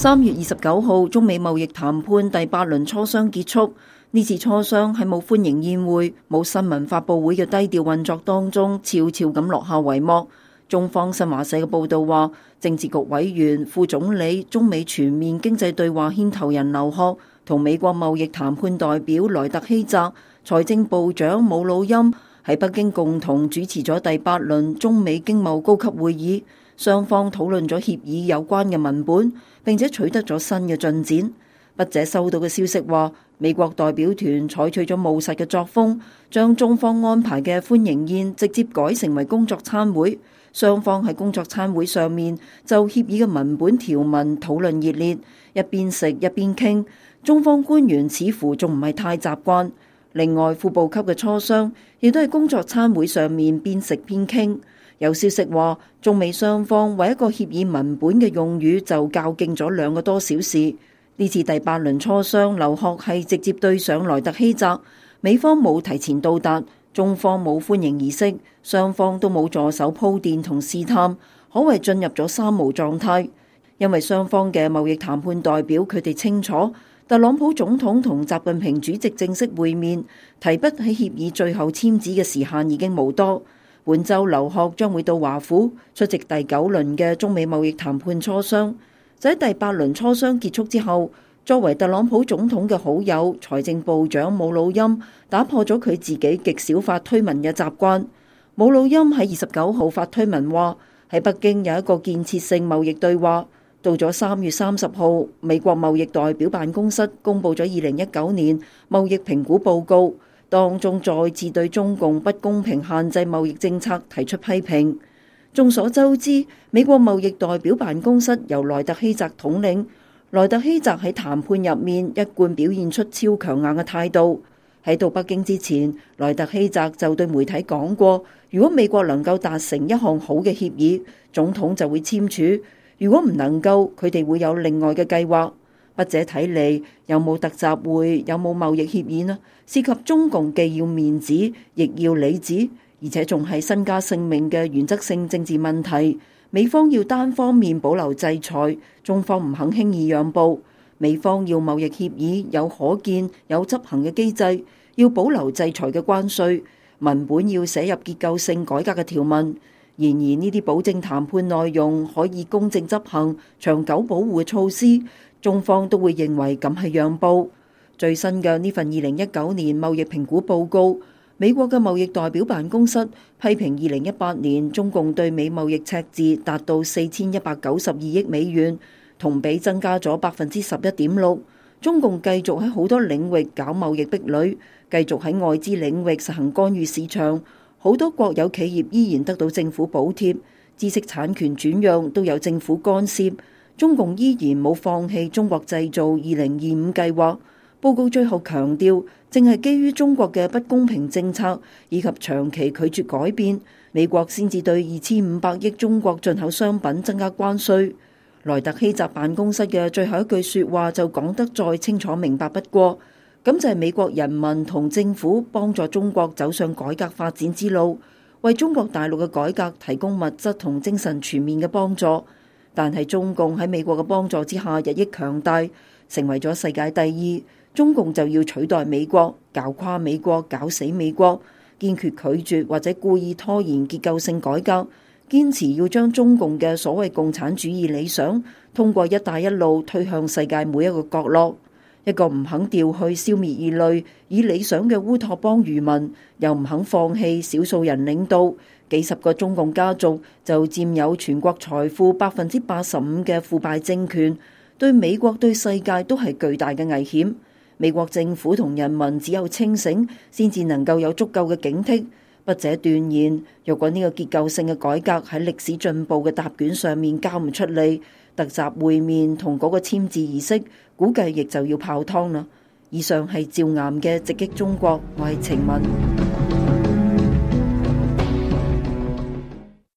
三月二十九號，中美貿易談判第八輪磋商結束。呢次磋商喺冇歡迎宴會、冇新聞發布會嘅低調運作當中，悄悄咁落下帷幕。中方新華社嘅報道話，政治局委員、副總理、中美全面經濟對話牽頭人劉鶴同美國貿易談判代表萊特希澤、財政部長姆努欽喺北京共同主持咗第八輪中美經貿高級會議。雙方討論咗協議有關嘅文本，並且取得咗新嘅進展。筆者收到嘅消息話，美國代表團採取咗務實嘅作風，將中方安排嘅歡迎宴直接改成為工作餐會。雙方喺工作餐會上面就協議嘅文本條文討論熱烈，一邊食一邊傾。中方官員似乎仲唔係太習慣。另外，副部級嘅磋商亦都喺工作餐會上面邊食邊傾。有消息話，中美雙方為一個協議文本嘅用語就較勁咗兩個多小時。呢次第八輪磋商，劉鶴係直接對上萊特希澤，美方冇提前到達，中方冇歡迎儀式，雙方都冇助手鋪墊同試探，可謂進入咗三無狀態。因為雙方嘅貿易談判代表，佢哋清楚特朗普總統同習近平主席正式會面，提筆喺協議最後簽字嘅時限已經冇多。本周劉鶴將會到華府出席第九輪嘅中美貿易談判磋商。就喺第八輪磋商結束之後，作為特朗普總統嘅好友，財政部長姆努欽打破咗佢自己極少發推文嘅習慣。姆努欽喺二十九號發推文話，喺北京有一個建設性貿易對話。到咗三月三十號，美國貿易代表辦公室公布咗二零一九年貿易評估報告。當中再次對中共不公平限制貿易政策提出批評。眾所周知，美國貿易代表辦公室由萊特希澤統領，萊特希澤喺談判入面一貫表現出超強硬嘅態度。喺到北京之前，萊特希澤就對媒體講過，如果美國能夠達成一項好嘅協議，總統就會簽署；如果唔能夠，佢哋會有另外嘅計劃。筆者睇嚟，有冇特集會，有冇貿易協議呢？涉及中共既要面子，亦要裏子，而且仲係身家性命嘅原則性政治問題。美方要單方面保留制裁，中方唔肯輕易讓步。美方要貿易協議有可見有執行嘅機制，要保留制裁嘅關稅文本，要寫入結構性改革嘅條文。然而呢啲保證談判內容可以公正執行、長久保護嘅措施，中方都會認為咁係讓步。最新嘅呢份二零一九年貿易評估報告，美國嘅貿易代表辦公室批評二零一八年中共對美貿易赤字達到四千一百九十二億美元，同比增加咗百分之十一點六。中共繼續喺好多領域搞貿易壁壘，繼續喺外資領域實行干預市場。好多國有企業依然得到政府補貼，知識產權轉讓都有政府干涉。中共依然冇放棄中國製造二零二五計劃。報告最後強調正係基於中國嘅不公平政策以及長期拒絕改變，美國先至對二千五百億中國進口商品增加關稅。萊特希澤辦公室嘅最後一句説話就講得再清楚明白不過。咁就係美國人民同政府幫助中國走上改革發展之路，為中國大陸嘅改革提供物質同精神全面嘅幫助。但係中共喺美國嘅幫助之下日益強大，成為咗世界第二。中共就要取代美國，搞垮美國，搞死美國，堅決拒絕或者故意拖延結構性改革，堅持要將中共嘅所謂共產主義理想通過一帶一路推向世界每一個角落。一個唔肯調去消滅異類、以理想嘅烏托邦漁民，又唔肯放棄少數人領導，幾十個中共家族就佔有全國財富百分之八十五嘅腐敗政權，對美國對世界都係巨大嘅危險。美國政府同人民只有清醒，先至能夠有足夠嘅警惕。筆者斷言，若果呢個結構性嘅改革喺歷史進步嘅答卷上面交唔出嚟，特集會面同嗰個簽字儀式，估計亦就要泡湯啦。以上係趙岩嘅直擊中國，我係晴文。